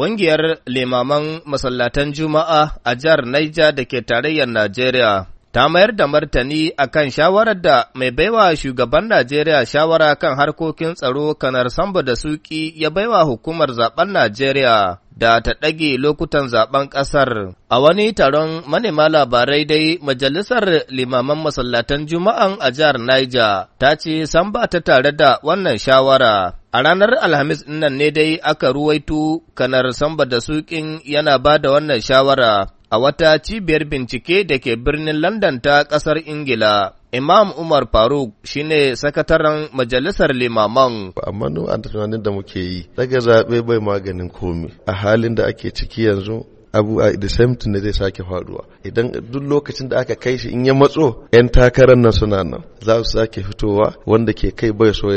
Ƙungiyar limaman masallatan Juma'a a jihar Naija da ke tarayyar Najeriya ta mayar da martani a kan shawarar da mai baiwa shugaban Najeriya shawara kan harkokin tsaro kanar Sambo da Suki ya baiwa hukumar zaben Najeriya da ta ɗage lokutan zaben ƙasar. A wani taron manema labarai dai majalisar limaman masallatan Juma'an a jihar Niger ta ce san ba ta tare da wannan shawara. A ranar Alhamis nan ne dai aka ruwaito kanar samba da suƙin yana ba da wannan shawara a wata cibiyar bincike da ke birnin London ta ƙasar Ingila. Imam Umar Faruk shi ne sakataren majalisar limaman. Amma nu a tunanin da muke yi, daga zaɓe bai maganin komi a halin da ake ciki yanzu abu a the same thing zai sake faruwa idan duk lokacin da aka kai shi in ya matso yan takarar nan suna nan za su sake fitowa wanda ke kai bai so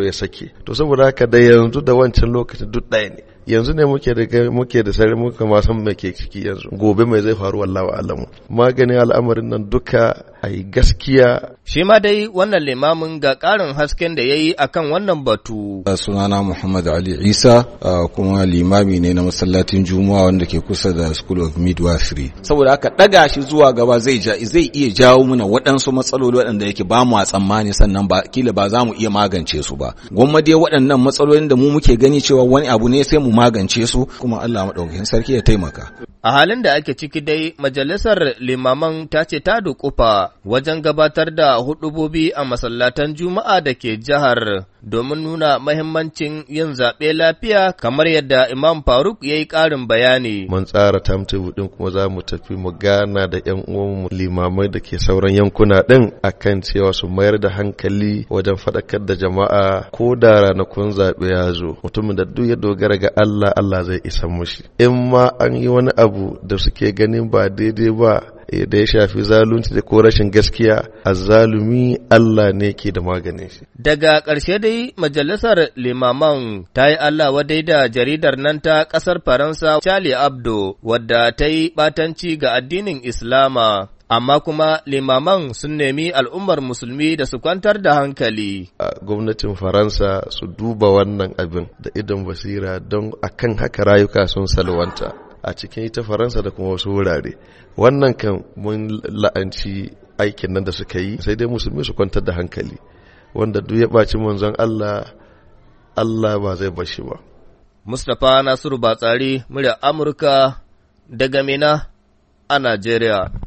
ya sake to saboda haka da yanzu da wancan lokacin duk ɗaya ne yanzu ne muke da muke da sarri muka ma san me ciki yanzu gobe mai zai faru wallahi alamu maganin al'amarin nan duka ai gaskiya shi ma dai wannan limamin ga karin hasken da yayi akan wannan batu sunana Muhammad Ali Isa kuma limami ne na masallacin Juma'a wanda ke kusa da School of Midwifery saboda aka daga shi zuwa gaba zai zai iya jawo mana waɗansu matsaloli waɗanda yake ba mu a tsammani sannan ba kila ba za mu iya magance su ba gwamnati waɗannan matsalolin da mu muke gani cewa wani abu ne sai mu magance su kuma Allah maɗaukakin sarki ya taimaka A halin da ake ciki dai, Majalisar Limaman ta ce ta dukufa wajen gabatar da hudubobi a masallatan Juma'a da ke jihar domin nuna mahimmancin yin zaɓe lafiya kamar yadda Imam Faruk ya yi ƙarin bayani. Mun tsara timetable ɗin kuma za mu tafi mu gana da ‘yan uwanmu limamai da ke sauran yankuna ɗin akan cewa su mayar da hankali wajen faɗakar da jama'a ko da ranakun zaɓe ya zo. Mutumin da duk ya dogara ga Allah, Allah zai isa mushi. In ma an yi wani abu abu da suke ganin ba daidai ba eh, da ya shafi zalunci da ko rashin gaskiya a zalumi Allah ne ke da maganin shi. Daga ƙarshe dai majalisar limaman ta yi Allah wadai da jaridar nan ta ƙasar Faransa Charlie Abdo wadda ta yi ɓatanci ga addinin Islama. amma kuma limaman sun nemi al'ummar musulmi da su kwantar da hankali. A gwamnatin Faransa su duba wannan abin da idon basira don a kan haka rayuka sun salwanta. a cikin ita faransa da kuma wasu wurare wannan kan mun la'anci aikin nan da suka yi sai dai musulmi su kwantar da hankali wanda duk ya ɓaci manzon allah allah ba zai shi ba mustapha nasiru batsari murya amurka daga mina a najeriya